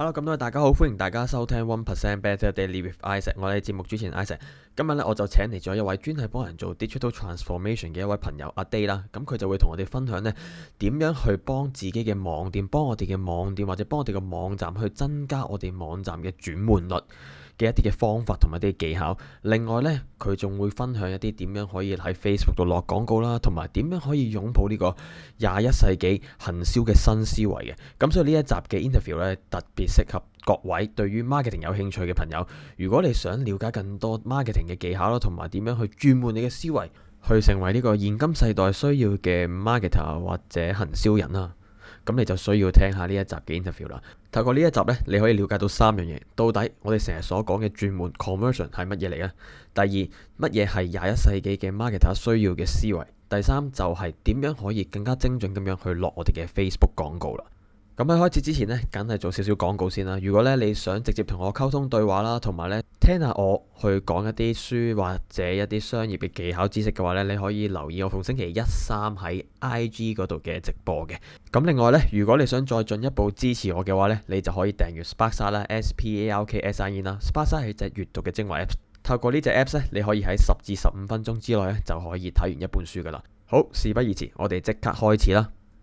Hello 咁多位大家好，歡迎大家收聽 One Percent Better Daily with Isaac，我係節目主持人 Isaac，今日咧，我就請嚟咗一位專係幫人做 Digital Transformation 嘅一位朋友阿 Day 啦，啊，咁、嗯、佢就會同我哋分享呢，點樣去幫自己嘅網店，幫我哋嘅網店或者幫我哋嘅網站去增加我哋網站嘅轉換率。嘅一啲嘅方法同埋啲技巧，另外呢，佢仲會分享一啲點樣可以喺 Facebook 度落廣告啦，同埋點樣可以擁抱呢個廿一世紀行銷嘅新思維嘅。咁所以呢一集嘅 interview 咧，特別適合各位對於 marketing 有興趣嘅朋友。如果你想了解更多 marketing 嘅技巧啦，同埋點樣去轉換你嘅思維，去成為呢個現今世代需要嘅 marketer 或者行銷人啦。咁你就需要聽下呢一集嘅 interview 啦。透過呢一集呢，你可以了解到三樣嘢，到底我哋成日所講嘅轉換 conversion 係乜嘢嚟啊？第二，乜嘢係廿一世紀嘅 marketer 需要嘅思維？第三就係、是、點樣可以更加精準咁樣去落我哋嘅 Facebook 廣告啦。咁喺開始之前呢，梗係做少少廣告先啦。如果咧你想直接同我溝通對話啦，同埋咧聽下我去講一啲書或者一啲商業嘅技巧知識嘅話呢，你可以留意我逢星期一三喺 IG 嗰度嘅直播嘅。咁另外呢，如果你想再進一步支持我嘅話呢，你就可以訂閱 Spark 啦，S P A R K S I N 啦。Spark 係隻閱讀嘅精華 app，透過呢隻 apps 呢，你可以喺十至十五分鐘之內咧就可以睇完一本書噶啦。好，事不宜遲，我哋即刻開始啦。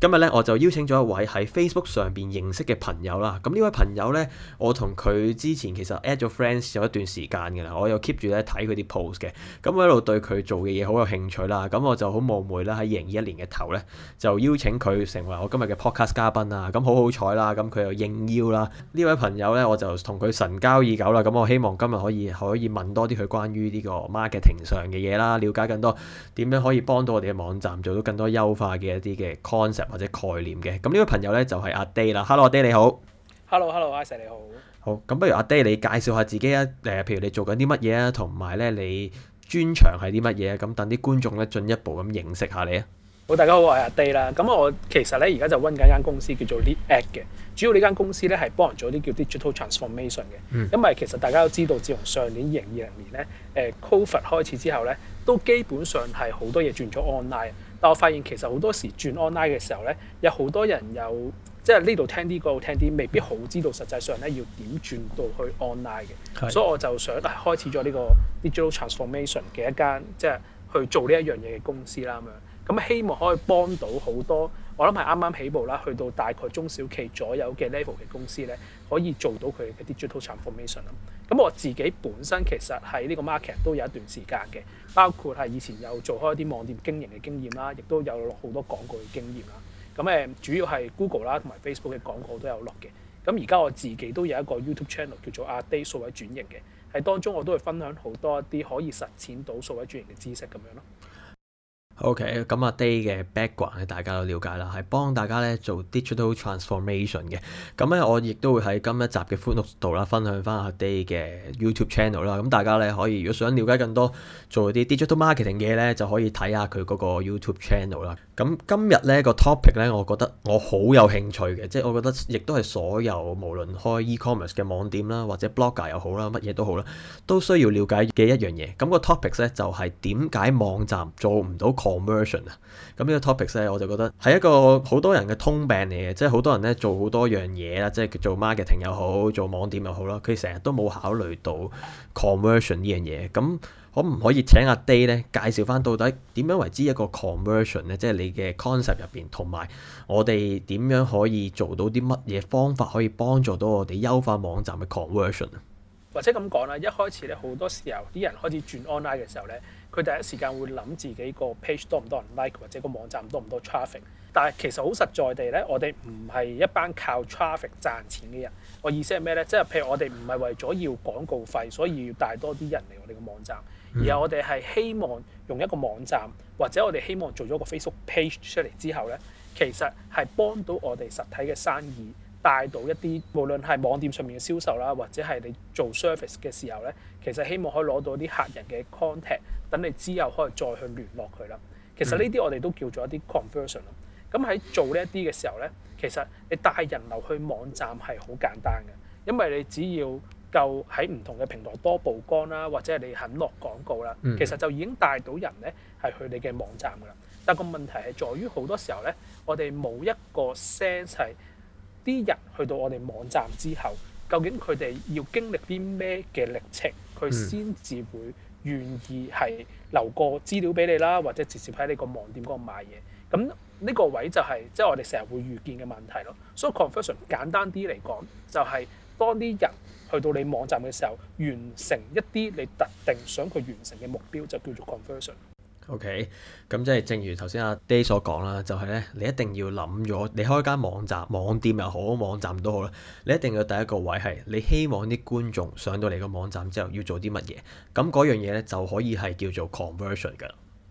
今日咧，我就邀請咗一位喺 Facebook 上邊認識嘅朋友啦。咁呢位朋友咧，我同佢之前其實 add 咗 friends 有一段時間嘅啦，我又 keep 住咧睇佢啲 post 嘅。咁我一路對佢做嘅嘢好有興趣啦。咁我就好冒昧啦，喺二零二一年嘅頭咧，就邀請佢成為我今日嘅 podcast 嘉賓啦。咁好好彩啦，咁佢又應邀啦。呢位朋友咧，我就同佢神交已久啦。咁我希望今日可以可以問多啲佢關於呢個 marketing 上嘅嘢啦，了解更多點樣可以幫到我哋嘅網站做到更多優化嘅一啲嘅 concept。或者概念嘅，咁呢位朋友咧就係、是、阿 Day 啦。Hello 阿 Day 你好，Hello Hello Isaac 你好，好，咁不如阿 Day 你介紹下自己啊？誒、呃，譬如你做緊啲乜嘢啊？同埋咧你專長係啲乜嘢啊？咁等啲觀眾咧進一步咁認識下你啊。好、嗯，大家好，我係阿 Day 啦，咁我其實咧而家就温緊間公司叫做 Lead Act 嘅，主要呢間公司咧係幫人做啲叫 digital transformation 嘅，因為其實大家都知道，自從上年二零二零年咧，誒、呃、，COVID 開始之後咧，都基本上係好多嘢轉咗 online。但我發現其實好多時轉 online 嘅時候咧，有好多人有即係呢度聽啲歌，嗰度聽啲，未必好知道實際上咧要點轉到去 online 嘅。的所以我就想開始咗呢個 digital transformation 嘅一間，即係去做呢一樣嘢嘅公司啦。咁樣咁希望可以幫到好多。我諗係啱啱起步啦，去到大概中小企左右嘅 level 嘅公司咧。可以做到佢嘅 digital transformation 啦。咁我自己本身其實喺呢個 market 都有一段時間嘅，包括係以前有做開一啲網店經營嘅經驗啦，亦都有落好多廣告嘅經驗啦。咁誒主要係 Google 啦同埋 Facebook 嘅廣告都有落嘅。咁而家我自己都有一個 YouTube channel 叫做阿 Day 數位轉型嘅，喺當中我都會分享好多一啲可以實踐到數位轉型嘅知識咁樣咯。OK，咁阿 Day 嘅 background 咧，大家都了解啦，係幫大家咧做 digital transformation 嘅。咁咧，我亦都會喺今一集嘅 footnote 度啦，分享返阿 Day 嘅 YouTube channel 啦。咁大家咧可以，如果想了解更多做啲 digital marketing 嘅嘢咧，就可以睇下佢嗰個 YouTube channel 啦。咁今日咧，個 topic 咧，我覺得我好有興趣嘅，即係我覺得亦都係所有無論開 e-commerce 嘅網店啦，或者 blogger 又好啦，乜嘢都好啦，都需要了解嘅一樣嘢。咁，個 topics 咧就係點解網站做唔到 conversion 啊，咁呢個 topic 咧，我就覺得係一個好多人嘅通病嚟嘅，即係好多人咧做好多樣嘢啦，即係做 marketing 又好，做網店又好啦，佢成日都冇考慮到 conversion 呢樣嘢。咁可唔可以請阿 Day 咧介紹返到底點樣為之一個 conversion 咧？即係你嘅 concept 入邊，同埋我哋點樣可以做到啲乜嘢方法可以幫助到我哋優化網站嘅 conversion 啊？或者咁講啦，一開始咧，好多時候啲人開始轉 online 嘅時候咧，佢第一時間會諗自己個 page 多唔多人 like，或者個網站多唔多 traffic。但係其實好實在地咧，我哋唔係一班靠 traffic 賺錢嘅人。我意思係咩咧？即係譬如我哋唔係為咗要廣告費，所以要帶多啲人嚟我哋個網站，而係我哋係希望用一個網站，或者我哋希望做咗個 Facebook page 出嚟之後咧，其實係幫到我哋實體嘅生意帶到一啲無論係網店上面嘅銷售啦，或者係你做 service 嘅時候咧，其實希望可以攞到啲客人嘅 contact。等你之後可以再去聯絡佢啦。其實呢啲我哋都叫做一啲 conversion。咁喺做呢一啲嘅時候咧，其實你帶人流去網站係好簡單嘅，因為你只要夠喺唔同嘅平台多曝光啦，或者你肯落廣告啦，其實就已經帶到人咧係去你嘅網站噶啦。但個問題係在於好多時候咧，我哋冇一個 sense 係啲人去到我哋網站之後，究竟佢哋要經歷啲咩嘅歷程，佢先至會。願意係留個資料俾你啦，或者直接喺你個網店嗰度買嘢。咁呢個位就係即係我哋成日會遇見嘅問題咯。所以 conversion 簡單啲嚟講，就係當啲人去到你網站嘅時候，完成一啲你特定想佢完成嘅目標，就叫做 conversion。OK，咁即係正如頭先阿 Day 所講啦，就係咧，你一定要諗咗，你開間網站、網店又好、網站都好啦，你一定要第一個位係你希望啲觀眾上到嚟個網站之後要做啲乜嘢，咁嗰樣嘢咧就可以係叫做 conversion 㗎。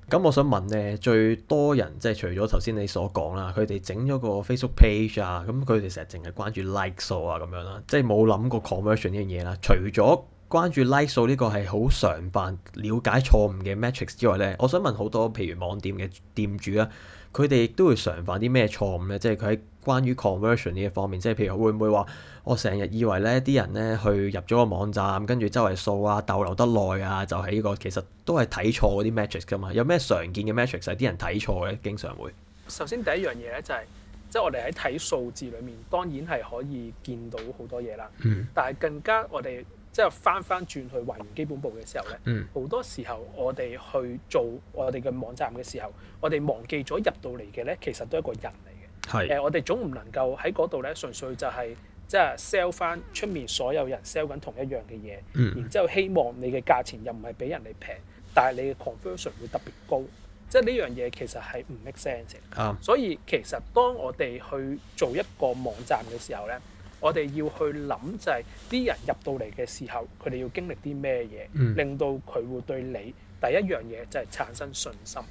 咁我想問咧，最多人即係除咗頭先你所講啦，佢哋整咗個 Facebook page 啊，咁佢哋成日淨係關注 like 數啊咁樣啦，即係冇諗過 conversion 呢樣嘢啦，除咗。關注 like 數呢個係好常犯、了解錯誤嘅 metrics 之外咧，我想問好多，譬如網店嘅店主啦，佢哋亦都會常犯啲咩錯誤咧？即係佢喺關於 conversion 呢一方面，即係譬如會唔會話我成日以為咧啲人咧去入咗個網站，跟住周圍掃啊逗留得耐啊，就係呢個其實都係睇錯嗰啲 metrics 㗎嘛？有咩常見嘅 metrics 係啲人睇錯嘅？經常會首先第一樣嘢咧、就是，就係即係我哋喺睇數字裏面，當然係可以見到好多嘢啦。嗯、但係更加我哋。即係翻翻轉去還原基本步嘅時候咧，好、嗯、多時候我哋去做我哋嘅網站嘅時候，我哋忘記咗入到嚟嘅咧，其實都係一個人嚟嘅。係誒是、呃，我哋總唔能夠喺嗰度咧，純粹就係即係 sell 翻出面所有人 sell 緊同一樣嘅嘢，嗯、然之後希望你嘅價錢又唔係比人哋平，但係你嘅 conversion 會特別高。即係呢樣嘢其實係唔 make sense。啊、所以其實當我哋去做一個網站嘅時候咧。我哋要去諗就係、是、啲人入到嚟嘅時候，佢哋要經歷啲咩嘢，嗯、令到佢會對你第一樣嘢就係產生信心。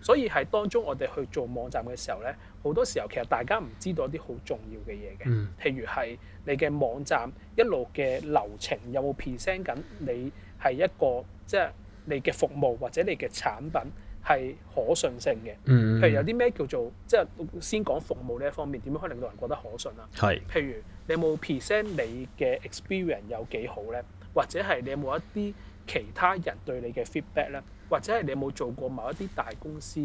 所以係當中我哋去做網站嘅時候咧，好多時候其實大家唔知道一啲好重要嘅嘢嘅，嗯、譬如係你嘅網站一路嘅流程有冇 present 緊，你係一個即係、就是、你嘅服務或者你嘅產品。係可信性嘅，嗯、譬如有啲咩叫做即係先講服務呢一方面，點樣可以令到人覺得可信啊？係是。譬如你有冇 present 你嘅 experience 有幾好咧？或者係你有冇一啲其他人對你嘅 feedback 咧？或者係你有冇做過某一啲大公司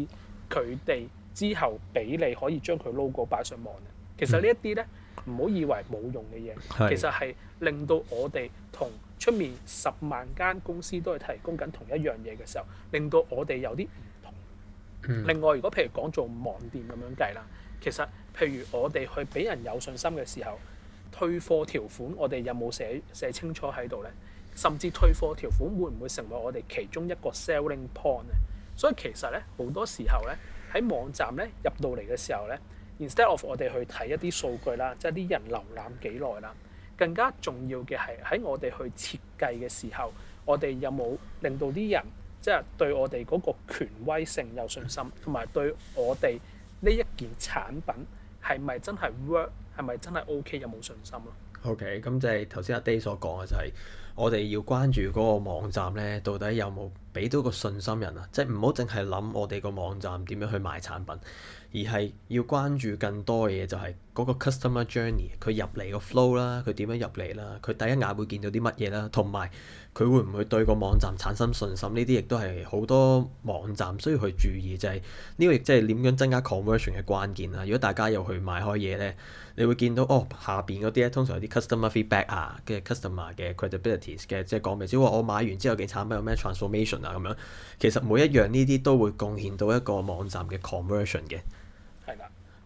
佢哋之後俾你可以將佢 logo 擺上網咧？其實呢一啲咧，唔好、嗯、以為冇用嘅嘢，是其實係令到我哋同出面十萬間公司都係提供緊同一樣嘢嘅時候，令到我哋有啲。另外，如果譬如講做網店咁樣計啦，其實譬如我哋去俾人有信心嘅時候，退貨條款我哋有冇寫寫清楚喺度咧？甚至退貨條款會唔會成為我哋其中一個 selling point 咧？所以其實咧，好多時候咧，喺網站咧，入到嚟嘅時候咧，instead of 我哋去睇一啲數據啦，即係啲人瀏覽幾耐啦，更加重要嘅係喺我哋去設計嘅時候，我哋有冇令到啲人？即係對我哋嗰個權威性有信心，同埋對我哋呢一件產品係咪真係 work，係咪真係 OK 有冇信心咯？OK，咁就係頭先阿 Day 所講嘅就係、是，我哋要關注嗰個網站咧，到底有冇俾到個信心人啊？即係唔好淨係諗我哋個網站點樣去賣產品。而係要關注更多嘅嘢、er，就係嗰個 customer journey，佢入嚟個 flow 啦，佢點樣入嚟啦，佢第一眼會見到啲乜嘢啦，同埋佢會唔會對個網站產生信心？呢啲亦都係好多網站需要去注意，就係、是、呢個亦即係點樣增加 conversion 嘅關鍵啦。如果大家又去買開嘢咧，你會見到哦下邊嗰啲咧，通常有啲 customer feedback 啊，嘅、就是、customer 嘅 credibility 嘅，即係講嘅，即係話我買完之後嘅產品有咩 transformation 啊咁樣。其實每一樣呢啲都會貢獻到一個網站嘅 conversion 嘅。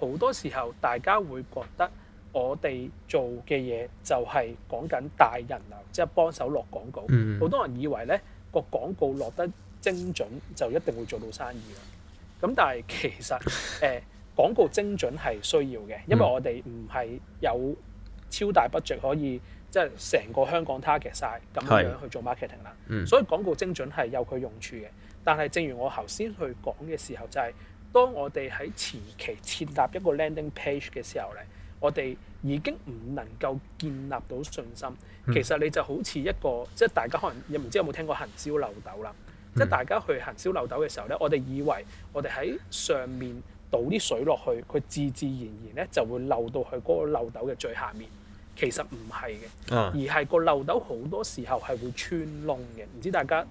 好多時候，大家會覺得我哋做嘅嘢就係講緊大人流，即、就、係、是、幫手落廣告。好、嗯、多人以為呢個廣告落得精準，就一定會做到生意。咁但係其實誒、呃、廣告精準係需要嘅，因為我哋唔係有超大 budget 可以即係成個香港 target 晒咁樣去做 marketing 啦。嗯、所以廣告精準係有佢用處嘅。但係正如我頭先去講嘅時候，就係、是。當我哋喺前期設立一個 landing page 嘅時候咧，我哋已經唔能夠建立到信心。其實你就好似一個，即係大家可能你唔知有冇聽過行銷漏斗啦。即係大家去行銷漏斗嘅時候咧，我哋以為我哋喺上面倒啲水落去，佢自自然然咧就會漏到去嗰個漏斗嘅最下面。其實唔係嘅，而係個漏斗好多時候係會穿窿嘅。唔知大家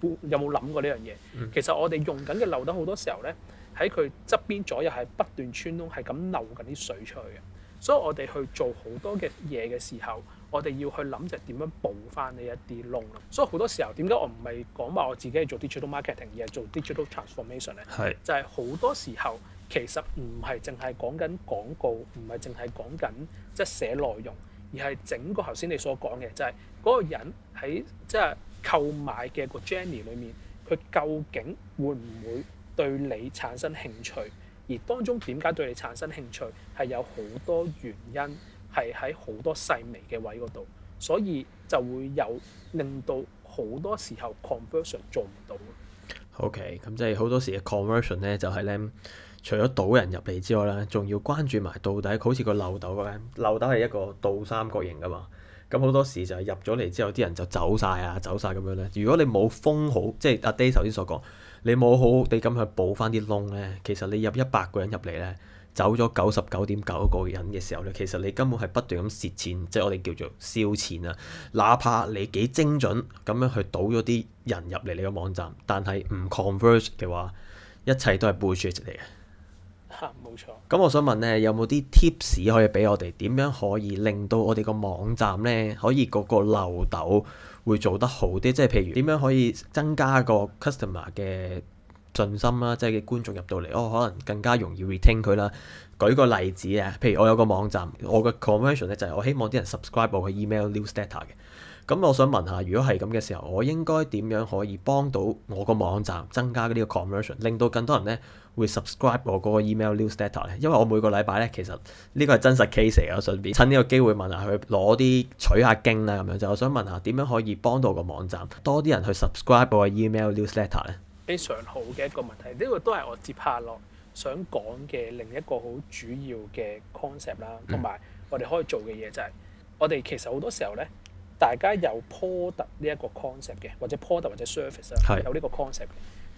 有冇諗過呢樣嘢？其實我哋用緊嘅漏斗好多時候咧。喺佢側邊左右係不斷穿窿，係咁流緊啲水出去嘅。所以我哋去做好多嘅嘢嘅時候，我哋要去諗就係點樣補翻你一啲窿。所以好多時候，點解我唔係講話我自己係做 digital marketing，而係做 digital transformation 咧？係是就係好多時候其實唔係淨係講緊廣告，唔係淨係講緊即係寫內容，而係整個頭先你所講嘅，就係、是、嗰個人喺即係購買嘅個 journey 裏面，佢究竟會唔會？對你產生興趣，而當中點解對你產生興趣係有好多原因，係喺好多細微嘅位嗰度，所以就會有令到好多時候 conversion 做唔到。OK，咁即係好多時嘅 conversion 咧，就係、是、咧，除咗倒人入嚟之外咧，仲要關注埋到底好似個漏斗咁，漏斗係一個倒三角形噶嘛。咁好多時就係入咗嚟之後，啲人就走晒啊，走晒咁樣咧。如果你冇封好，即係阿 Day 頭先所講。你冇好好地咁去補翻啲窿呢？其實你入一百個人入嚟呢，走咗九十九點九個人嘅時候呢，其實你根本係不斷咁蝕錢，即係我哋叫做燒錢啊！哪怕你幾精準咁樣去倒咗啲人入嚟你個網站，但係唔 converse 嘅話，一切都係 budget 嚟嘅。冇錯。咁我想問呢，有冇啲 tips 可以俾我哋點樣可以令到我哋個網站呢，可以個個漏斗？會做得好啲，即係譬如點樣可以增加個 customer 嘅信心啦，即係嘅觀眾入到嚟，哦，可能更加容易 retain 佢啦。舉個例子啊，譬如我有個網站，我嘅 conversion 咧就係我希望啲人 subscribe 我嘅 email news status 嘅、嗯。咁我想問下，如果係咁嘅時候，我應該點樣可以幫到我個網站增加呢個 conversion，令到更多人咧會 subscribe 我個 email newsletter 咧？因為我每個禮拜咧，其實呢個係真實 case 嚟嘅，順便趁呢個機會問下佢攞啲取下經啦，咁樣就我想問下，點樣可以幫到個網站多啲人去 subscribe 我嘅 email newsletter 咧？非常好嘅一個問題，呢個都係我接下落想講嘅另一個好主要嘅 concept 啦，同埋我哋可以做嘅嘢就係、是嗯、我哋其實好多時候咧。大家有 product 呢一個 concept 嘅，或者 product 或者 service 啊是，有呢個 concept。嘅。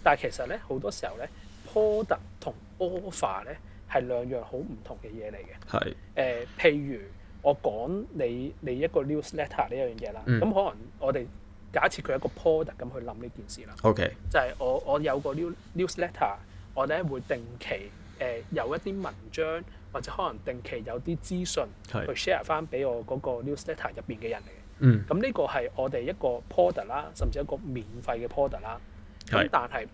但係其實咧好多時候咧 product 同 offer 咧係兩樣好唔同嘅嘢嚟嘅。係誒是、呃、譬如我講你你一個 newsletter 呢樣嘢啦，咁、嗯、可能我哋假設佢一個 product 咁去諗呢件事啦。OK，就係我我有個 new newsletter，我咧會定期誒、呃、有一啲文章或者可能定期有啲資訊去 share 翻俾我嗰個 newsletter 入邊嘅人嚟。嗯，咁呢個係我哋一個 product 啦，甚至一個免費嘅 product 啦。咁是但係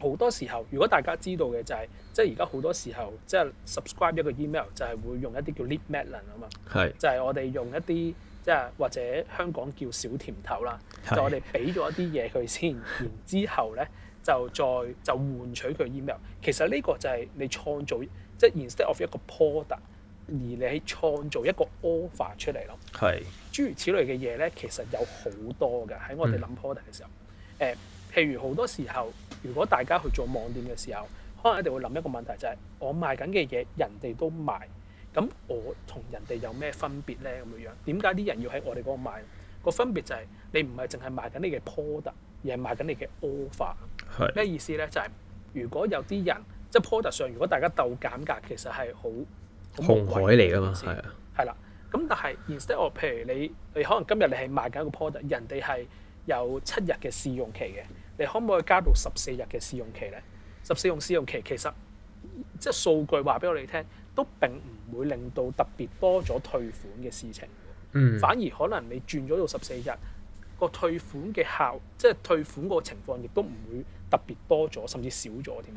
好多時候，如果大家知道嘅就係，即係而家好多時候，即、就、係、是、subscribe 一個 email 就係會用一啲叫 lead magnet 啊嘛是。係。就係我哋用一啲即係或者香港叫小甜頭啦，就我哋俾咗一啲嘢佢先，然之後咧就再就換取佢 email。其實呢個就係你創造即係、就是、instead of 一個 product。而你喺創造一個 offer 出嚟咯，係是諸如此類嘅嘢咧，其實有好多嘅喺我哋諗 product 嘅時候，誒、嗯欸、譬如好多時候，如果大家去做網店嘅時候，可能一定會諗一個問題就係、是、我賣緊嘅嘢，人哋都賣，咁我同人哋有咩分別咧？咁嘅樣，點解啲人要喺我哋嗰度賣？個分別就係、是、你唔係淨係賣緊你嘅 product，而係賣緊你嘅 offer。咩是意思咧？就係、是、如果有啲人即係 product 上，如果大家鬥減價，其實係好。紅海嚟噶嘛，係啊實，係啦的。咁但係，instead of，譬如你，你可能今日你係賣緊一個 order，人哋係有七日嘅試用期嘅，你可唔可以加到十四日嘅試用期咧？十四日試用期其實即係數據話俾我哋聽，都並唔會令到特別多咗退款嘅事情。嗯，反而可能你轉咗到十四日，個退款嘅效，即係退款嗰個情況，亦都唔會特別多咗，甚至少咗添。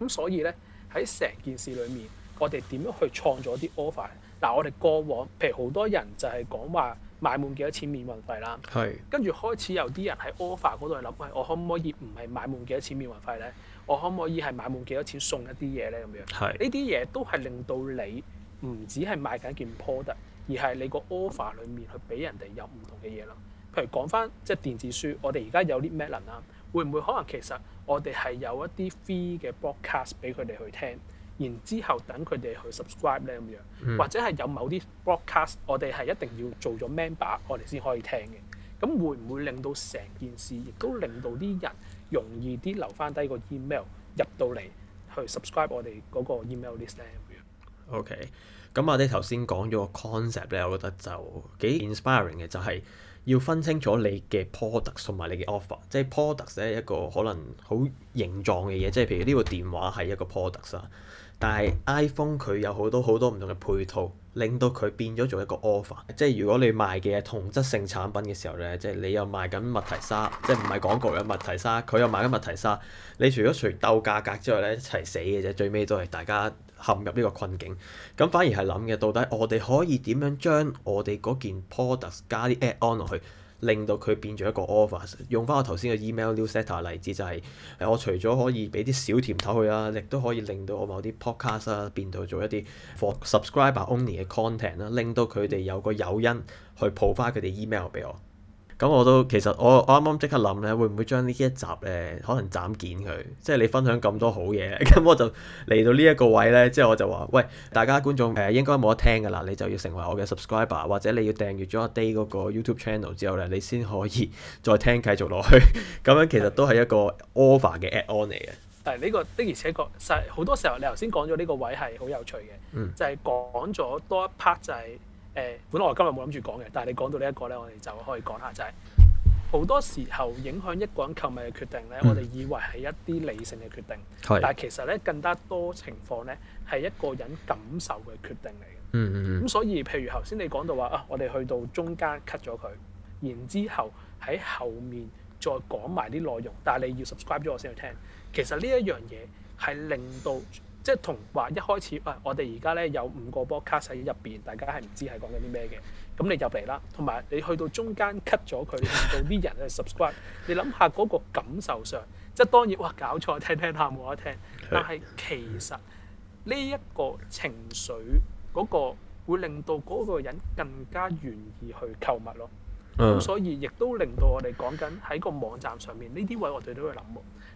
咁所以咧，喺成件事裏面。我哋點樣去創造啲 offer？嗱，我哋過往譬如好多人就係講話買滿幾多錢免運費啦，係是。跟住開始有啲人喺 offer 嗰度係諗，喂，我可唔可以唔係買滿幾多錢免運費咧？我可唔可以係買滿幾多錢送一啲嘢咧？咁樣係。呢啲嘢都係令到你唔只係買緊件 product，而係你個 offer 裏面去俾人哋有唔同嘅嘢啦。譬如講翻即係電子書，我哋而家有啲咩能啊？會唔會可能其實我哋係有一啲 free 嘅 broadcast 俾佢哋去聽？然之後等佢哋去 subscribe 咧，咁樣、嗯、或者係有某啲 broadcast，我哋係一定要做咗 member 我哋先可以聽嘅。咁會唔會令到成件事亦都令到啲人容易啲留翻低個 email 入到嚟去 subscribe 我哋嗰個 email list 咧？OK，咁我哋頭先講咗個 concept 咧，我覺得就幾 inspiring 嘅，就係、是、要分清楚你嘅 products 同埋你嘅 offer，即係 product 咧一個可能好形狀嘅嘢，即係譬如呢個電話係一個 product 啊。但係 iPhone 佢有好多好多唔同嘅配套，令到佢變咗做一個 offer。即係如果你賣嘅同質性產品嘅時候咧，即係你又賣緊麥提沙，即係唔係廣告嘅麥提沙，佢又賣緊麥提沙。你除咗除鬥價格之外咧，一齊死嘅啫。最尾都係大家陷入呢個困境。咁反而係諗嘅，到底我哋可以點樣將我哋嗰件 products 加啲 add on 落去？令到佢變咗一個 offer，用翻我頭先嘅 email newsletter 例子，就係，就係我除咗可以俾啲小甜頭佢啦，亦都可以令到我某啲 podcast 啦、啊、變到做一啲 for subscriber only 嘅 content 啦，令到佢哋有個誘因去報翻佢哋 email 俾我。咁我都其實我啱啱即刻諗咧，會唔會將呢一集咧可能斬件佢？即係你分享咁多好嘢，咁 我就嚟到呢一個位咧，之後我就話：喂，大家觀眾誒、呃、應該冇得聽㗎啦，你就要成為我嘅 subscriber，或者你要訂閲咗阿 Day 嗰個 YouTube channel 之後咧，你先可以再聽繼續落去。咁 樣其實都係一個 offer 嘅 add on 嚟嘅。但係呢個的而且確，實好多時候你頭先講咗呢個位係好有趣嘅，嗯、就係講咗多一 part 就係、是。誒，本來我今日冇諗住講嘅，但係你講到呢一個咧，我哋就可以講下，就係、是、好多時候影響一個人購物嘅決定咧，我哋以為係一啲理性嘅決定，但係其實咧更加多情況咧係一個人感受嘅決定嚟嘅。嗯嗯嗯。咁所以，譬如頭先你講到話啊，我哋去到中間 cut 咗佢，然之後喺後面再講埋啲內容，但係你要 subscribe 咗我先去聽。其實呢一樣嘢係令到。即係同話一開始，哇、啊！我哋而家咧有五個 blog 卡曬入邊，大家係唔知係講緊啲咩嘅。咁你入嚟啦，同埋你去到中間 cut 咗佢，令到啲人去 subscribe。你諗下嗰個感受上，即係當然，哇！搞錯，聽聽下，我一聽。但係其實呢一個情緒嗰、嗰個會令到嗰個人更加願意去購物咯。咁 所以亦都令到我哋講緊喺個網站上面呢啲位我，我哋都會諗喎。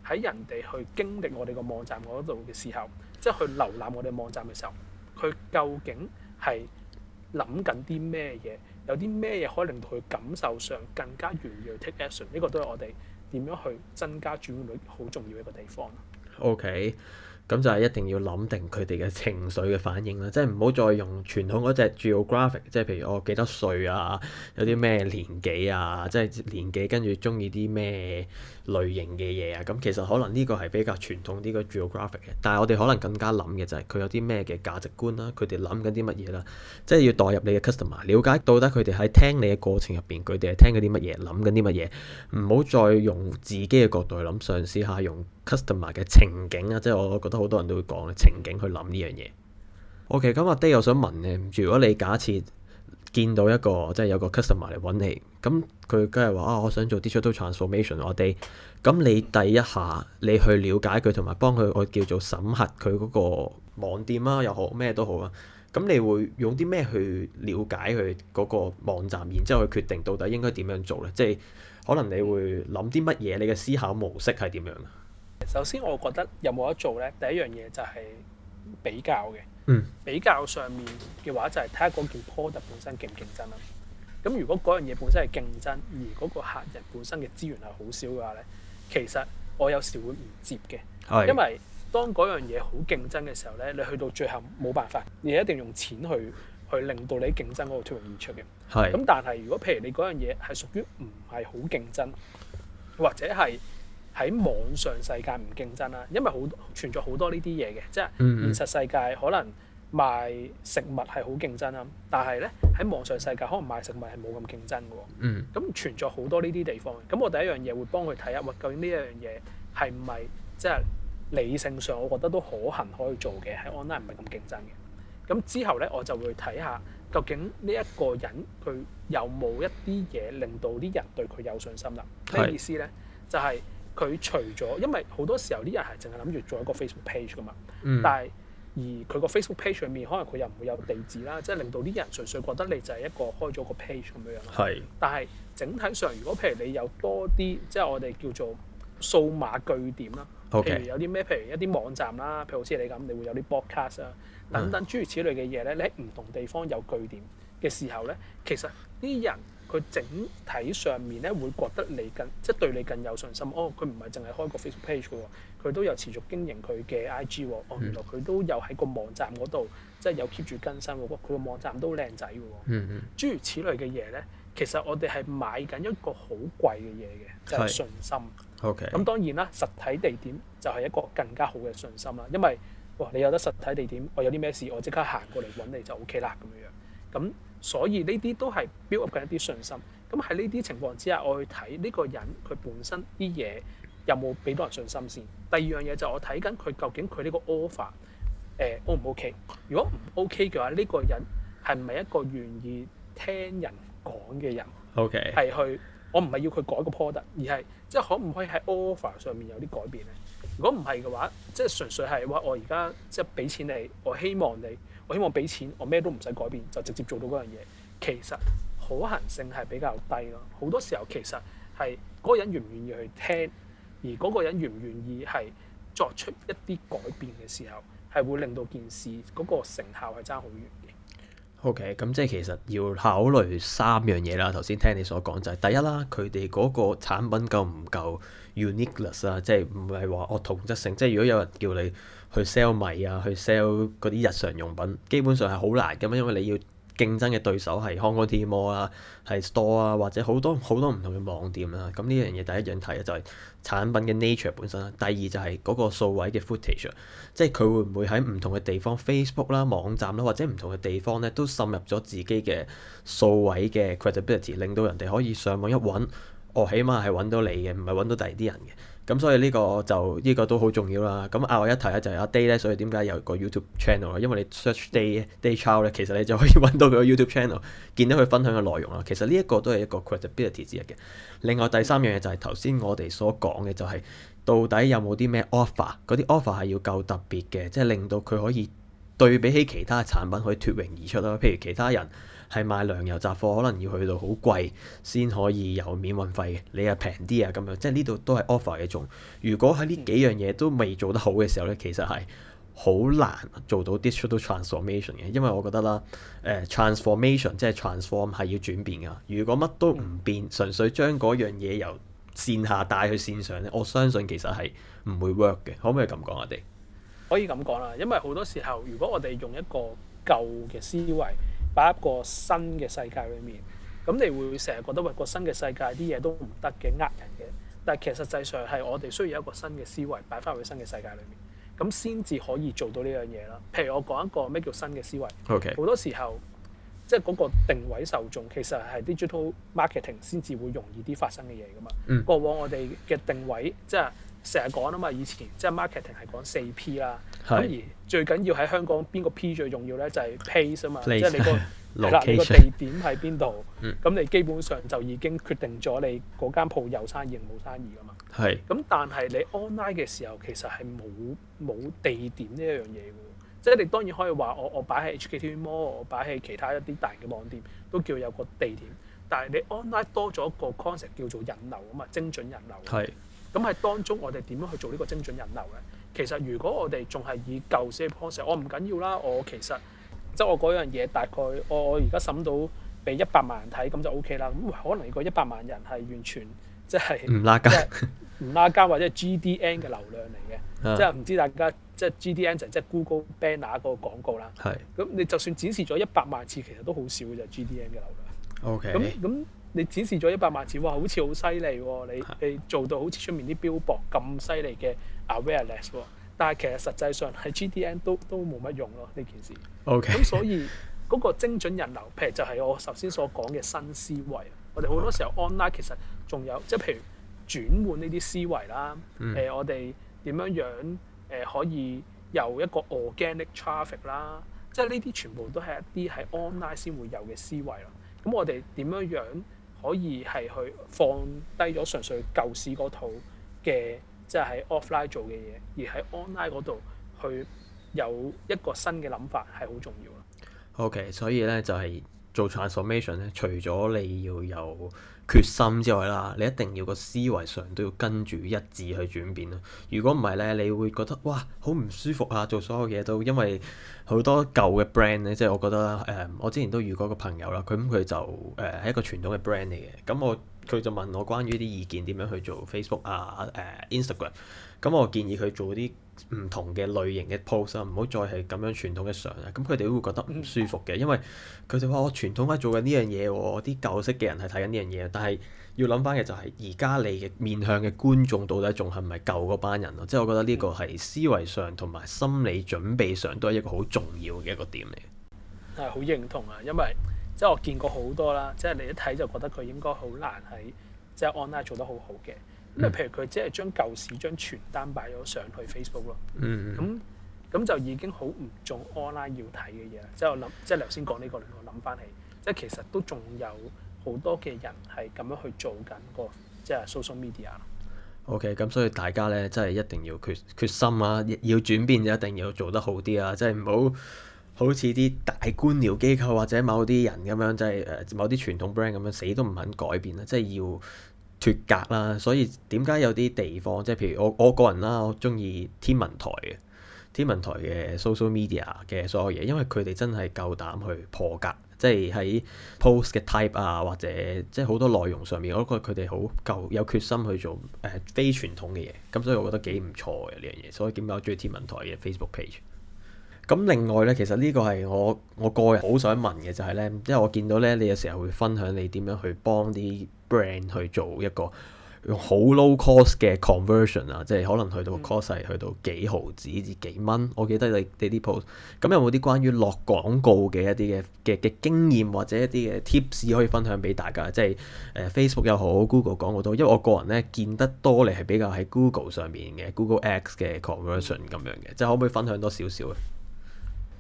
喺人哋去經歷我哋個網站嗰度嘅時候。即去瀏覽我哋網站嘅時候，佢究竟係諗緊啲咩嘢？有啲咩嘢可以令到佢感受上更加容易去 take action？呢個都係我哋點樣去增加轉換率好重要嘅一個地方。OK。咁就係一定要諗定佢哋嘅情緒嘅反應啦，即係唔好再用傳統嗰隻 geographic，即係譬如我幾、哦、多歲啊，有啲咩年紀啊，即係年紀跟住鍾意啲咩類型嘅嘢啊，咁其實可能呢個係比較傳統啲 geographic 嘅，這個、ographic，但係我哋可能更加諗嘅就係、是、佢有啲咩嘅價值觀啦，佢哋諗緊啲乜嘢啦，即係要代入你嘅 customer，了解到底佢哋喺聽你嘅過程入邊，佢哋係聽緊啲乜嘢，諗緊啲乜嘢，唔好再用自己嘅角度去諗，嘗試下用 customer 嘅情景啊，即係我覺得。好多人都會講咧，情景去諗呢樣嘢。OK，咁阿 Day，又想問咧，如果你假設見到一個即係有個 customer 嚟搵你，咁佢梗係話啊，我想做 digital transformation，啊 Day，咁你第一下你去了解佢同埋幫佢，我叫做審核佢嗰個網店啦，又好咩都好啊，咁你會用啲咩去了解佢嗰個網站，然之後去決定到底應該點樣做咧？即係可能你會諗啲乜嘢，你嘅思考模式係點樣？首先我覺得有冇得做咧，第一樣嘢就係比較嘅。嗯。比較上面嘅話，就係睇下嗰件 product 本身競唔競爭。咁如果嗰樣嘢本身係競爭，而嗰個客人本身嘅資源係好少嘅話咧，其實我有時會唔接嘅。係是。因為當嗰樣嘢好競爭嘅時候咧，你去到最後冇辦法，你一定要用錢去去令到你競爭嗰個推入而出嘅。係是。咁但係如果譬如你嗰樣嘢係屬於唔係好競爭，或者係。喺網上世界唔競爭啦，因為好存在好多呢啲嘢嘅，即係現實世界可能賣食物係好競爭啦，但係咧喺網上世界可能賣食物係冇咁競爭嘅。嗯，咁存在好多呢啲地方，咁我第一樣嘢會幫佢睇下喂，究竟呢一樣嘢係唔係即係理性上我覺得都可行可以做嘅喺 online 唔係咁競爭嘅。咁之後咧我就會睇下究竟呢一個人佢有冇一啲嘢令到啲人對佢有信心啦。咩是意思咧？就係、是佢除咗，因為好多時候啲人係淨係諗住做一個 Facebook page 㗎嘛。嗯、但係而佢個 Facebook page 裏面，可能佢又唔會有地址啦，即係令到啲人純粹覺得你就係一個開咗個 page 咁樣咯。係是。但係整體上，如果譬如你有多啲，即係我哋叫做數碼據點啦。Okay. 譬如有啲咩，譬如一啲網站啦，譬如好似你咁，你會有啲 broadcast 啊，等等、嗯、諸如此類嘅嘢咧。你喺唔同地方有據點嘅時候咧，其實啲人。佢整體上面咧會覺得你更即係對你更有信心。哦，佢唔係淨係開個 Facebook page 嘅喎，佢都有持續經營佢嘅 IG 喎。哦，原來佢都有喺個網站嗰度即係有 keep 住更新喎。佢、哦、個網站都靚仔嘅喎。嗯嗯。諸如此類嘅嘢咧，其實我哋係買緊一個好貴嘅嘢嘅，就係、是、信心。O K. 咁當然啦，實體地點就係一個更加好嘅信心啦。因為哇、哦，你有得實體地點，我有啲咩事，我即刻行過嚟揾你就 O K 啦咁樣樣。咁、嗯嗯所以呢啲都係 build up 嘅一啲信心。咁喺呢啲情況之下，我去睇呢個人佢本身啲嘢有冇俾到人信心先。第二樣嘢就我睇緊佢究竟佢呢個 offer 誒、呃、O 唔 OK？如果唔 OK 嘅話，呢、呢個人係唔係一個願意聽人講嘅人？OK。係去我唔係要佢改個 product，而係即係可唔可以喺 offer 上面有啲改變咧？如果唔係嘅話，即係純粹係話我而家即係俾錢你，我希望你。我希望俾錢，我咩都唔使改變，就直接做到嗰樣嘢。其實可行性係比較低咯。好多時候其實係嗰個人願唔願意去聽，而嗰個人願唔願意係作出一啲改變嘅時候，係會令到件事嗰個成效係差好遠嘅。OK，咁即係其實要考慮三樣嘢啦。頭先聽你所講就係第一啦，佢哋嗰個產品夠唔夠 uniqueness 啊？即係唔係話我同質性？即係如果有人叫你。去 sell 米啊，去 sell 嗰啲日常用品，基本上係好難嘅嘛，因為你要競爭嘅對手係 Hong Kong Tmall 啦，係 Store 啊，或者好多好多唔同嘅網店啊。咁呢樣嘢第一樣睇嘅就係產品嘅 nature 本身啦。第二就係嗰個數位嘅 footage，即係佢會唔會喺唔同嘅地方 Facebook 啦、網站啦，或者唔同嘅地方咧都滲入咗自己嘅數位嘅 credibility，令到人哋可以上網一揾，哦，起碼係揾到你嘅，唔係揾到第二啲人嘅。咁所以呢個就呢、這個都好重要啦。咁啊我一提咧就係阿、啊、Day 咧，所以點解有個 YouTube channel 咧？因為你 search Day Day child 咧，其實你就可以揾到佢個 YouTube channel，見到佢分享嘅內容啦。其實呢一個都係一個 credibility 之一嘅。另外第三樣嘢就係頭先我哋所講嘅、就是，就係到底有冇啲咩 offer？嗰啲 offer 係要夠特別嘅，即係令到佢可以對比起其他產品可以脫穎而出啦。譬如其他人。係買糧油雜貨，可能要去到好貴先可以有免運費，你又平啲啊咁樣，即係呢度都係 offer 嘅一種。如果喺呢幾樣嘢都未做得好嘅時候咧，其實係好難做到 digital transformation 嘅，因為我覺得啦，誒、呃、transformation 即係 transform 係要轉變㗎。如果乜都唔變，嗯、純粹將嗰樣嘢由線下帶去線上咧，我相信其實係唔會 work 嘅。可唔可以咁講？我哋可以咁講啦，因為好多時候，如果我哋用一個舊嘅思維。擺喺個新嘅世界裏面，咁你會成日覺得喂，個新嘅世界啲嘢都唔得嘅，呃人嘅。但係其實實際上係我哋需要一個新嘅思維，擺翻去新嘅世界裏面，咁先至可以做到呢樣嘢啦。譬如我講一個咩叫新嘅思維，Okay. 好多時候即係嗰個定位受眾其實係 digital marketing 先至會容易啲發生嘅嘢㗎嘛。Mm. 過往我哋嘅定位即係。就是成日講啊嘛，以前即係 marketing 係講四 P 啦是，咁而最緊要喺香港邊個 P 最重要咧，就係、是、place 啊嘛，place, 即係你個啦個地點喺邊度，咁你、嗯嗯、基本上就已經決定咗你嗰間鋪有生意定冇生意噶嘛。係是。咁但係你 online 嘅時候，其實係冇冇地點呢一樣嘢嘅，即、就、係、是、你當然可以話我我擺喺 HKTV Mall，我擺喺其他一啲大型嘅網店都叫有個地點，但係你 online 多咗個 concept 叫做引流啊嘛，精準引流。係的。咁喺當中，我哋點樣去做呢個精準引流咧？其實，如果我哋仲係以舊 Singapore 式，我唔緊要啦。我其實即係、就是、我嗰樣嘢，大概我而家審到俾一百萬人睇，咁就 O K 啦。咁可能呢個一百萬人係完全即係唔拉交，唔拉交或者 G D N 嘅流量嚟嘅，即係唔知大家即係、就是、G D N 就即係 Google Banner 個廣告啦。係咁是，你就算展示咗一百萬次，其實都好少嘅啫，G D N 嘅流量。O Okay . K。咁咁。你展示咗一百萬字，哇，好似好犀利喎！你你做到好似出面啲標榜咁犀利嘅 a w i r e l e s s 喎！Ness, 但係其實實際上喺 g d n 都都冇乜用咯，呢、這、件、個、事。O K。咁所以嗰、那個精準人流，譬如就係我首先所講嘅新思維。我哋好多時候 online 其實仲有，即係譬如轉換呢啲思維啦。誒、嗯呃，我哋點樣樣誒、呃、可以由一個 organic traffic 啦，即係呢啲全部都係一啲係 online 先會有嘅思維啦。咁我哋點樣樣？可以係去放低咗純粹舊市嗰套嘅，即係喺 offline 做嘅嘢，而喺 online 嗰度去有一個新嘅諗法係好重要啦。OK，所以咧就係，做 transformation 咧，除咗你要有決心之外啦，你一定要個思維上都要跟住一致去轉變咯。如果唔係咧，你會覺得哇，好唔舒服啊！做所有嘢都因為好多舊嘅 brand 咧，即係我覺得誒、嗯，我之前都遇過一個朋友啦，佢咁佢就誒係、呃、一個傳統嘅 brand 嚟嘅，咁我佢就問我關於啲意見點樣去做 Facebook 啊、誒、啊、Instagram，咁我建議佢做啲。唔同嘅類型嘅 post 啊，唔好再係咁樣傳統嘅相啊，咁佢哋都會覺得唔舒服嘅，因為佢哋話我傳統係做緊呢樣嘢喎，啲舊式嘅人係睇緊呢樣嘢，但係要諗翻嘅就係而家你嘅面向嘅觀眾到底仲係唔係舊嗰班人咯？即係、嗯、我覺得呢個係思維上同埋心理準備上都係一個好重要嘅一個點嚟。係好認同啊，因為即係我見過好多啦，即係你一睇就覺得佢應該好難喺即係 online 做得好好嘅。咁啊，因為譬如佢即係將舊時、將傳單擺咗上去 Facebook 咯。嗯。咁咁就已經好唔做 online 要睇嘅嘢啦。即係我諗，即係頭先講呢個，令我諗翻起，即係其實都仲有好多嘅人係咁樣去做緊個即係 social media。O K，咁所以大家咧，真係一定要決決心啊！要轉變，一定要做得好啲啊！即係唔好好似啲大官僚機構或者某啲人咁樣，即係誒某啲傳統 brand 咁樣，死都唔肯改變啦！即係要。脱格啦，所以點解有啲地方，即係譬如我我個人啦，我中意天文台嘅天文台嘅 social media 嘅所有嘢，因為佢哋真係夠膽去破格，即係喺 post 嘅 type 啊，或者即係好多內容上面，我都覺得佢哋好夠有決心去做誒、呃、非傳統嘅嘢，咁所以我覺得幾唔錯嘅呢樣嘢。所以點解我中意天文台嘅 Facebook page？咁另外呢，其實呢個係我我個人好想問嘅就係呢，因為我見到呢，你有時候會分享你點樣去幫啲 brand 去做一個用好 low cost 嘅 conversion 啊，即係可能去到 cost 係去到幾毫子至幾蚊。我記得你你啲 post 咁有冇啲關於落廣告嘅一啲嘅嘅嘅經驗或者一啲嘅 tips 可以分享俾大家？即係誒 Facebook 又好，Google 廣告都，因為我個人咧見得多你係比較喺 Google 上面嘅 Google Ads 嘅 conversion 咁樣嘅，即係可唔可以分享多少少啊？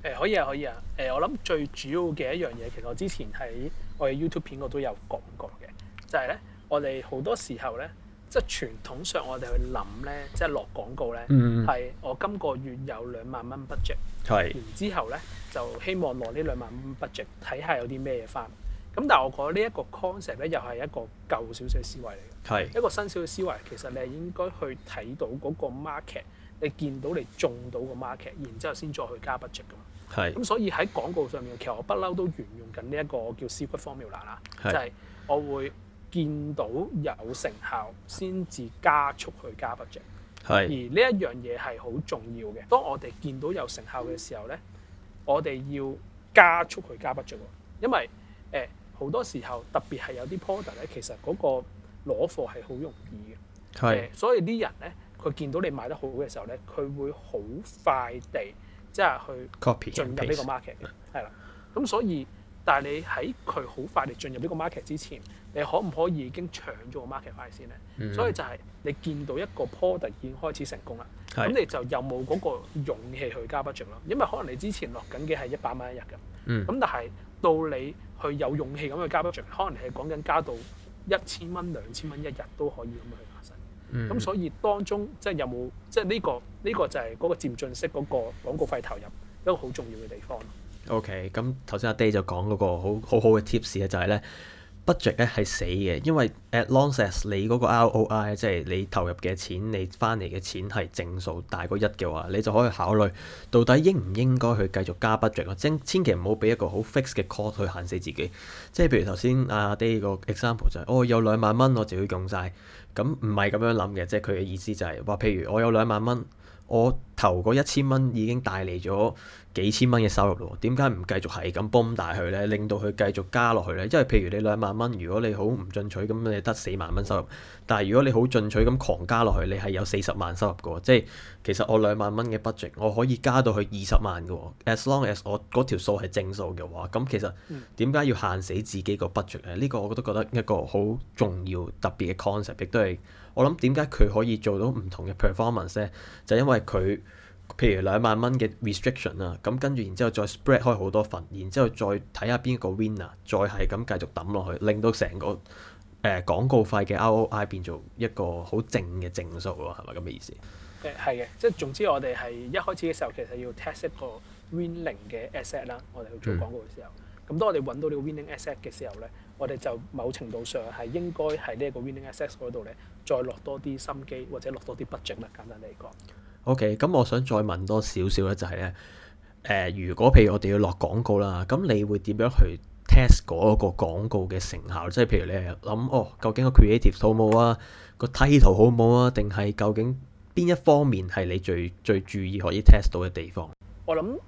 誒、欸、可以啊，可以啊。誒、欸、我諗最主要嘅一樣嘢，其實我之前喺我嘅 YouTube 片我都有講過嘅。就係咧，我哋好多時候咧，即係傳統上我哋去諗咧，即係落廣告咧，係、嗯、我今個月有兩萬蚊 budget，是然之後咧就希望落呢兩萬蚊 budget，睇下有啲咩嘢翻。咁但係我覺得呢一個 concept 咧，又係一個舊少少嘅思維嚟嘅，係是一個新少少思維。其實你係應該去睇到嗰個 market，你見到你中到個 market，然之後先再去加 budget 嘅嘛。係是。咁、嗯、所以喺廣告上面，其實我不嬲都沿用緊呢一個我叫 secret formula 啦，是就係我會。見到有成效先至加速去加 budget，係。是而呢一樣嘢係好重要嘅。當我哋見到有成效嘅時候咧，嗯、我哋要加速去加 budget 喎。因為誒好、呃、多時候特別係有啲 order 咧，其實嗰個攞貨係好容易嘅，係是、呃。所以啲人咧，佢見到你賣得好好嘅時候咧，佢會好快地即係、就是、去 copy 進入呢個 market 嘅，係啦是。咁所以。但係你喺佢好快地進入呢個 market 之前，你可唔可以已經搶咗個 market 先咧？Mm hmm. 所以就係你見到一個 product 已經開始成功啦，咁 Yes. 你就有冇嗰個勇氣去加 budget 咧？因為可能你之前落緊嘅係一百蚊一日㗎，咁、mm hmm. 但係到你去有勇氣咁去加 budget，可能係講緊加到一千蚊、兩千蚊一日都可以咁去發生。咁、mm hmm. 所以當中即係、就是、有冇即係呢個呢、這個就係嗰個漸進式嗰個廣告費投入一個好重要嘅地方。O.K. 咁頭先阿 Day 就講嗰個好好好嘅 tips 咧，就係咧 budget 咧係死嘅，因為 at launches 你嗰個 ROI 即係你投入嘅錢，你翻嚟嘅錢係正數大過一嘅話，你就可以考慮到底應唔應該去繼續加 budget 咯。千祈唔好俾一個好 fix 嘅 call 去限死自己。即係譬如頭先阿 Day 個 example 就係，哦，有兩萬蚊我就要用晒。」咁唔係咁樣諗嘅，即係佢嘅意思就係話譬如我有兩萬蚊。我投嗰一千蚊已經帶嚟咗幾千蚊嘅收入咯，點解唔繼續係咁 boom 大佢咧？令到佢繼續加落去咧？因為譬如你兩萬蚊，如果你好唔進取，咁你得四萬蚊收入；但係如果你好進取，咁狂加落去，你係有四十萬收入嘅喎。即係其實我兩萬蚊嘅 budget，我可以加到去二十萬嘅喎。As long as 我嗰條數係正數嘅話，咁其實點解要限死自己個 budget 咧？呢個我都覺得一個好重要特別嘅 concept，亦都係。我諗點解佢可以做到唔同嘅 performance 咧？就因為佢譬如兩萬蚊嘅 restriction 啊，咁跟住然之後再 spread 開好多份，然之後再睇下邊一個 winner，再係咁繼續抌落去，令到成個誒、呃、廣告費嘅 ROI 變做一個好正嘅正數喎，係咪咁嘅意思？誒，係嘅，即係總之我哋係一開始嘅時候其實要 test 一個 winning 嘅 asset 啦，我哋去做廣告嘅時候。嗯咁當我哋揾到呢個 winning asset 嘅時候呢，我哋就某程度上係應該喺呢一個 winning asset 嗰度呢，再落多啲心機或者落多啲 budget 啦。簡單嚟講，OK。咁我想再問多少少呢，就係呢：誒，如果譬如我哋要落廣告啦，咁你會點樣去 test 嗰一個廣告嘅成效？即係譬如你係諗哦，究竟個 creative 好冇啊，個 title 好冇啊，定係究竟邊一方面係你最最注意可以 test 到嘅地方？我諗。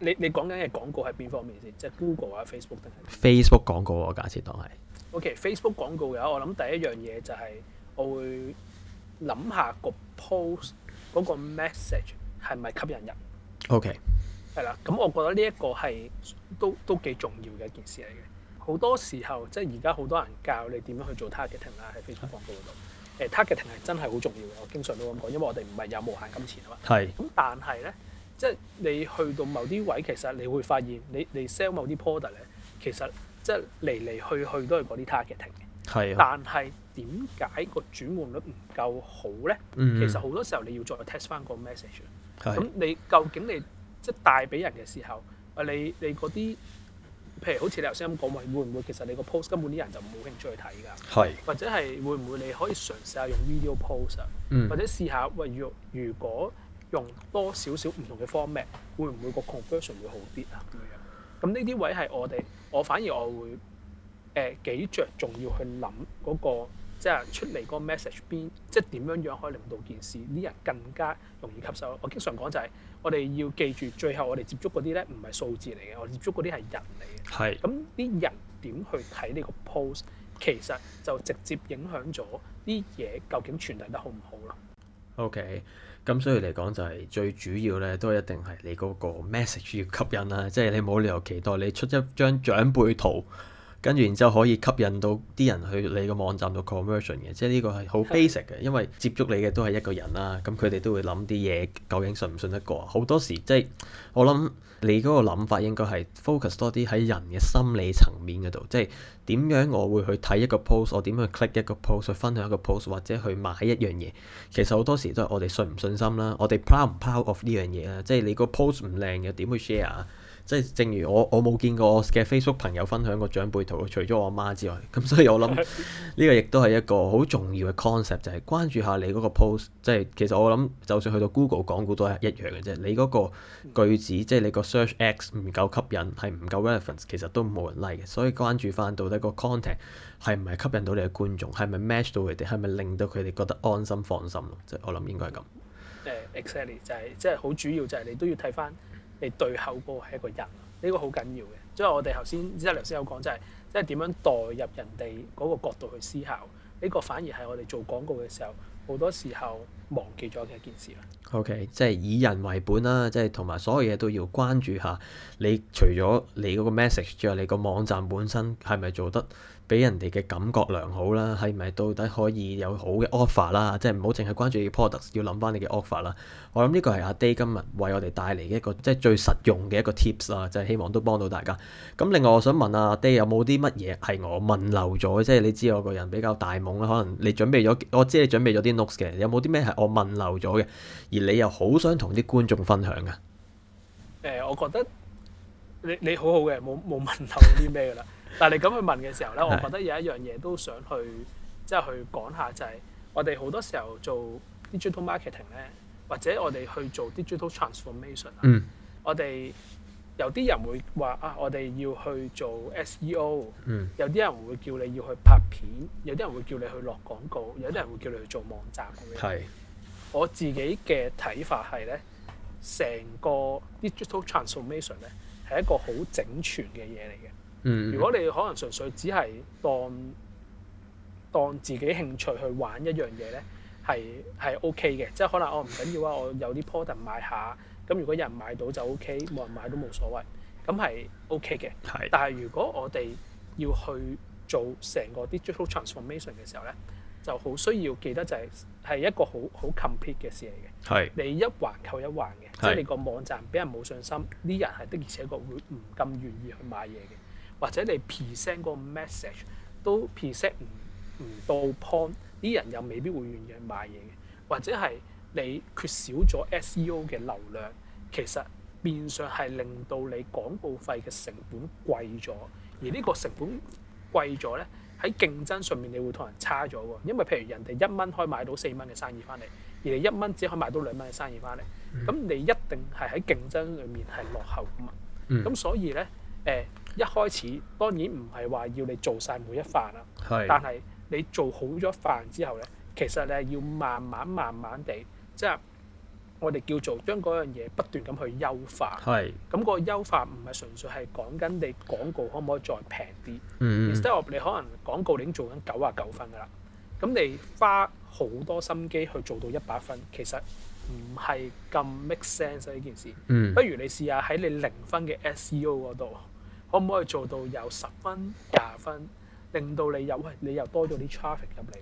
你你講緊嘅廣告係邊方面先？即係 Google 啊、Facebook 定係 Facebook 廣告喎？我假設當係 OK，Facebook，okay，廣告嘅話，我諗第一樣嘢就係我會諗下個 post 嗰個 message 係咪吸引人？OK，係啦。咁我覺得呢一個係都都幾重要嘅一件事嚟嘅。好多時候即係而家好多人教你點樣去做 targeting 啦，喺 Facebook 廣告度。誒的，uh，targeting 係真係好重要嘅。我經常都咁講，因為我哋唔係有無限金錢啊嘛。係的。咁但係咧。即係你去到某啲位，其實你會發現你，你你 sell 某啲 product 咧，其實即係嚟嚟去去都係嗰啲 targeting 嘅。係。是的 但係點解個轉換率唔夠好咧？嗯。其實好多時候你要再 test 翻個 message。咁是的 你究竟你即係帶俾人嘅時候，啊你你嗰啲，譬如好似你頭先咁講話，會唔會其實你個 post 根本啲人就冇興趣去睇㗎？係。是的 或者係會唔會你可以嘗試下用 video post、嗯。或者試下喂，如果如果用多少少唔同嘅 format，會唔會個 conversion 會好啲啊？咁樣咁呢啲位係我哋，我反而我會誒幾、呃、著重要去諗嗰、那個，即係出嚟個 message 邊，即係點樣樣可以令到件事啲人更加容易吸收。我經常講就係、是、我哋要記住最後我哋接觸嗰啲咧，唔係數字嚟嘅，我接觸嗰啲係人嚟嘅。係咁啲人點去睇呢個 post 其實就直接影響咗啲嘢究竟傳遞得好唔好啦。OK。咁所以嚟講就係最主要咧，都一定係你嗰個 message 要吸引啦、啊，即係你冇理由期待你出一張長輩圖。跟住，然之後可以吸引到啲人去你個網站度 conversion 嘅，即係呢個係好 basic 嘅，因為接觸你嘅都係一個人啦，咁佢哋都會諗啲嘢究竟信唔信得過啊？好多時即係我諗你嗰個諗法應該係 focus 多啲喺人嘅心理層面嗰度，即係點樣我會去睇一個 post，我點去 click 一個 post 去分享一個 post 或者去買一樣嘢，其實好多時都係我哋信唔信心啦，我哋 proud 唔 proud of 呢樣嘢啦，即係你個 post 唔靚又點會 share。即係正如我我冇見過我嘅 Facebook 朋友分享過長輩圖，除咗我媽之外，咁所以我諗呢個亦都係一個好重要嘅 concept，就係、是、關注下你嗰個 post，即係其實我諗就算去到 Google 講股都係一樣嘅啫。你嗰個句子、嗯、即係你個 search x 唔夠吸引，係唔夠 relevant，其實都冇人 like 嘅。所以關注翻到底個 content 係唔係吸引到你嘅觀眾，係咪 match 到佢哋，係咪令到佢哋覺得安心放心，即係、就是、我諗應該係咁。呃、exactly 就係即係好主要就係你都要睇翻。你對口播係一個人，呢個好緊要嘅。即係我哋頭先即質老師有講，就係即係點樣代入人哋嗰個角度去思考，呢個反而係我哋做廣告嘅時候好多時候忘記咗嘅一件事啦。OK，即係以人為本啦，即係同埋所有嘢都要關注下，你除咗你嗰個 message 之外，你個網站本身係咪做得？俾人哋嘅感覺良好啦，係咪到底可以有好嘅 offer 啦？即係唔好淨係關注你 product，s 要諗翻你嘅 offer 啦。我諗呢個係阿爹今日為我哋帶嚟嘅一個即係最實用嘅一個 tips 啊，就係希望都幫到大家。咁另外我想問阿爹有冇啲乜嘢係我問漏咗？即係你知我個人比較大懵啦，可能你準備咗，我知你準備咗啲 notes 嘅，有冇啲咩係我問漏咗嘅，而你又好想同啲觀眾分享嘅？誒、欸，我覺得你你好好嘅，冇冇問漏啲咩㗎啦。 嗱，但你咁去問嘅時候咧，我覺得有一樣嘢都想去，即係去講下，就係我哋好多時候做 digital marketing 咧，或者我哋去做 digital transformation。嗯。我哋有啲人會話啊，我哋要去做 SEO。嗯。有啲人會叫你要去拍片，有啲人會叫你去落廣告，有啲人會叫你去做網站。係。是我自己嘅睇法係咧，成個 digital transformation 咧係一個好整全嘅嘢嚟嘅。如果你可能純粹只係當當自己興趣去玩一樣嘢咧，係係 O K 嘅，即係可能我唔緊要啊，我有啲 product 買下咁。如果有人買到就 O K，冇人買都冇所謂咁，係 O K 嘅。OK、是但係如果我哋要去做成個 digital transformation 嘅時候咧，就好需要記得就係、是、係一個好好 complete 嘅事嚟嘅。係是，你一環扣一環嘅，即係是你個網站俾人冇信心，呢人係的而且確會唔咁願意去買嘢嘅。或者你 present 個 message 都 present 唔唔到 point，啲人又未必會願意去買嘢嘅。或者係你缺少咗 SEO 嘅流量，其實變相係令到你廣告費嘅成本貴咗，而呢個成本貴咗咧，喺競爭上面你會同人差咗喎。因為譬如人哋一蚊可以買到四蚊嘅生意翻嚟，而你一蚊只可以買到兩蚊嘅生意翻嚟，咁你一定係喺競爭裏面係落後咁嘛。咁所以咧，誒、呃。一開始當然唔係話要你做晒每一飯啦，是但係你做好咗飯之後咧，其實你要慢慢慢慢地，即係我哋叫做將嗰樣嘢不斷咁去優化。係咁是個優化唔係純粹係講緊你廣告可唔可以再平啲？嗯嗯。Instead 你可能廣告已經做緊九啊九分㗎啦，咁你花好多心機去做到一百分，其實唔係咁 make sense 呢、啊、件事。嗯、不如你試下喺你零分嘅 SEO 嗰度。可唔可以做到由十分廿分，令到你又喂你又多咗啲 traffic 入嚟？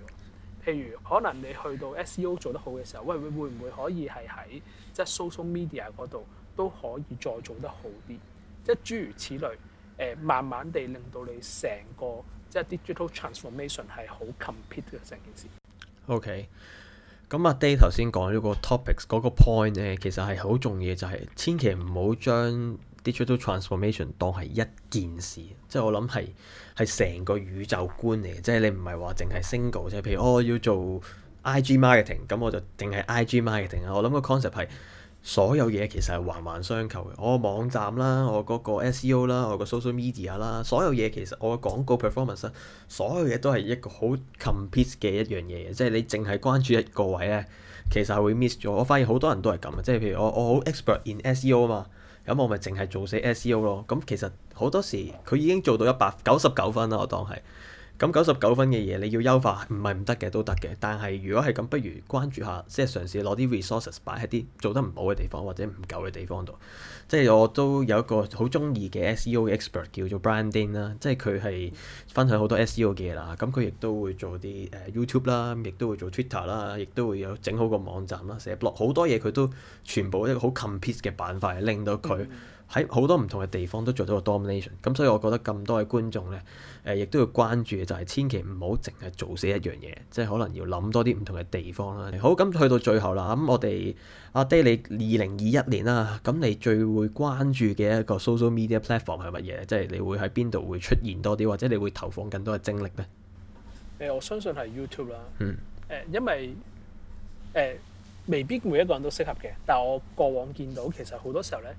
譬如可能你去到 SEO 做得好嘅時候，喂會會唔會可以係喺即係 social media 度都可以再做得好啲？即係諸如此類，誒、呃，慢慢地令到你成個即係 digital transformation 係好 compete 嘅成件事。OK，咁阿 Day 頭先講呢個 topics 嗰個 point 咧，其實係好重要，就係、是、千祈唔好將。digital transformation 當係一件事，即係我諗係係成個宇宙觀嚟嘅，即係你唔係話淨係 single，即係譬如我要做 IG marketing，咁我就淨係 IG marketing 啊。我諗個 concept 係所有嘢其實係環環相扣嘅。我個網站啦，我嗰個 SEO 啦，我個 social media 啦，所有嘢其實我個廣告 performance，所有嘢都係一個好 complete 嘅一樣嘢。即係你淨係關注一個位咧，其實係會 miss 咗。我發現好多人都係咁啊，即係譬如我我好 expert in SEO 啊嘛。咁我咪淨係做死 SEO 咯，咁其實好多時佢已經做到一百九十九分啦，我當係。咁九十九分嘅嘢，你要優化，唔係唔得嘅，都得嘅。但係如果係咁，不如關注下，即係嘗試攞啲 resources 擺喺啲做得唔好嘅地方或者唔夠嘅地方度。即係我都有一個好中意嘅 SEO expert 叫做 Brian Dean 啦，即係佢係分享好多 SEO 嘅嘢啦。咁佢亦都會做啲誒 YouTube 啦，亦都會做 Twitter 啦，亦都會有整好個網站啦、寫 blog 好多嘢，佢都全部一個好 complete 嘅辦法嚟令到佢、嗯。喺好多唔同嘅地方都做到個 domination，咁所以我覺得咁多嘅觀眾咧，誒、呃、亦都要關注嘅就係千祈唔好淨係做死一樣嘢，嗯、即係可能要諗多啲唔同嘅地方啦。好，咁去到最後啦，咁我哋阿爹你，你二零二一年啦，咁你最會關注嘅一個 social media platform 係乜嘢？即係你會喺邊度會出現多啲，或者你會投放更多嘅精力咧？誒、欸，我相信係 YouTube 啦。嗯。誒、欸，因為誒、欸、未必每一個人都適合嘅，但我過往見到其實好多時候咧。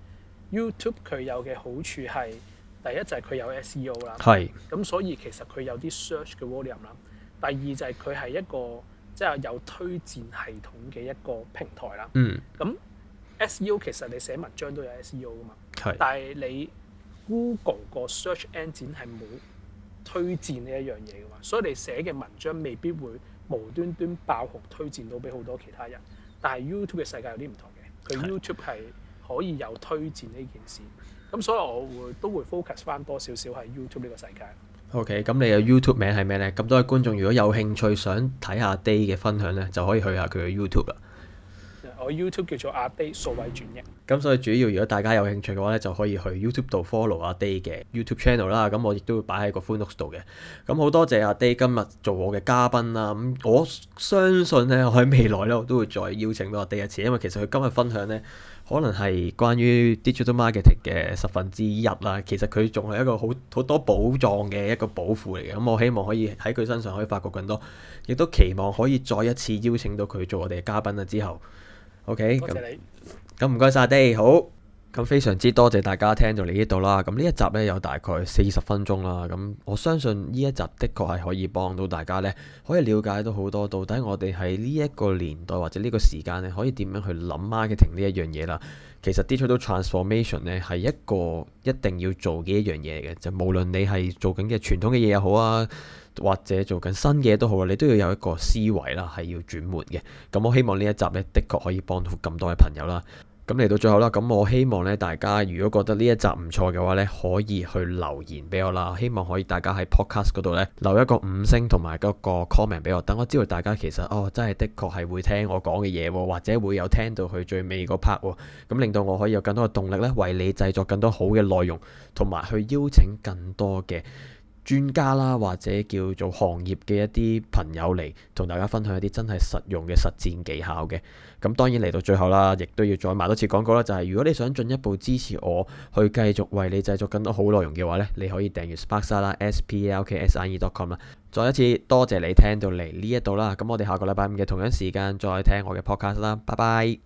YouTube 佢有嘅好處係，第一就係佢有 SEO 啦是，咁所以其實佢有啲 search 嘅 volume 啦。第二就係佢係一個即係、就是、有推薦系統嘅一個平台啦。咁、嗯、SEO 其實你寫文章都有 SEO 噶嘛，是但係你 Google 個 search engine 係冇推薦呢一樣嘢噶嘛，所以你寫嘅文章未必會無端端爆紅推薦到俾好多其他人。但係 YouTube 嘅世界有啲唔同嘅，佢 YouTube 係。可以有推薦呢件事，咁所以我會都會 focus 翻多少少喺 YouTube 呢個世界。OK，咁你嘅 YouTube 名係咩呢？咁多位觀眾如果有興趣想睇下 Day 嘅分享呢，就可以去下佢嘅 YouTube 啦。我 YouTube 叫做阿 Day 數位轉型。咁所以主要如果大家有興趣嘅話呢，就可以去 YouTube 度 follow 阿 Day 嘅 YouTube channel 啦。咁我亦都會擺喺個 Funbox 度嘅。咁好多謝阿 Day 今日做我嘅嘉賓啦。咁我相信呢，我喺未來呢，我都會再邀請到阿 Day 一次，因為其實佢今日分享呢。可能係關於 digital marketing 嘅十分之一啦，其實佢仲係一個好好多寶藏嘅一個寶庫嚟嘅，咁、嗯、我希望可以喺佢身上可以發掘更多，亦都期望可以再一次邀請到佢做我哋嘅嘉賓啦。之後，OK，咁咁唔該晒。阿、嗯、好。咁非常之多謝大家聽到嚟呢度啦，咁呢一集呢，有大概四十分鐘啦，咁我相信呢一集的確係可以幫到大家呢，可以了解到好多到底我哋喺呢一個年代或者呢個時間呢，可以點樣去諗 marketing 呢一樣嘢啦。其實 Digital Transformation 呢，係一個一定要做嘅一樣嘢嘅，就是、無論你係做緊嘅傳統嘅嘢又好啊，或者做緊新嘅嘢都好啊，你都要有一個思維啦，係要轉換嘅。咁我希望呢一集呢，的確可以幫到咁多嘅朋友啦。咁嚟到最後啦，咁我希望咧，大家如果覺得呢一集唔錯嘅話咧，可以去留言俾我啦。希望可以大家喺 Podcast 嗰度咧留一個五星同埋嗰個 comment 俾我，等我知道大家其實哦真係的確係會聽我講嘅嘢，或者會有聽到去最尾嗰 part 喎，咁令到我可以有更多嘅動力咧，為你製作更多好嘅內容，同埋去邀請更多嘅專家啦，或者叫做行業嘅一啲朋友嚟同大家分享一啲真係實用嘅實戰技巧嘅。咁當然嚟到最後啦，亦都要再賣多次廣告啦。就係、是、如果你想進一步支持我，去繼續為你製作更多好內容嘅話呢，你可以訂閱 Spark 沙拉 s, s p、A、l k s r、I、e dot com 啦。再一次多謝，謝你聽到嚟呢一度啦。咁我哋下個禮拜五嘅同樣時間再聽我嘅 podcast 啦。拜拜。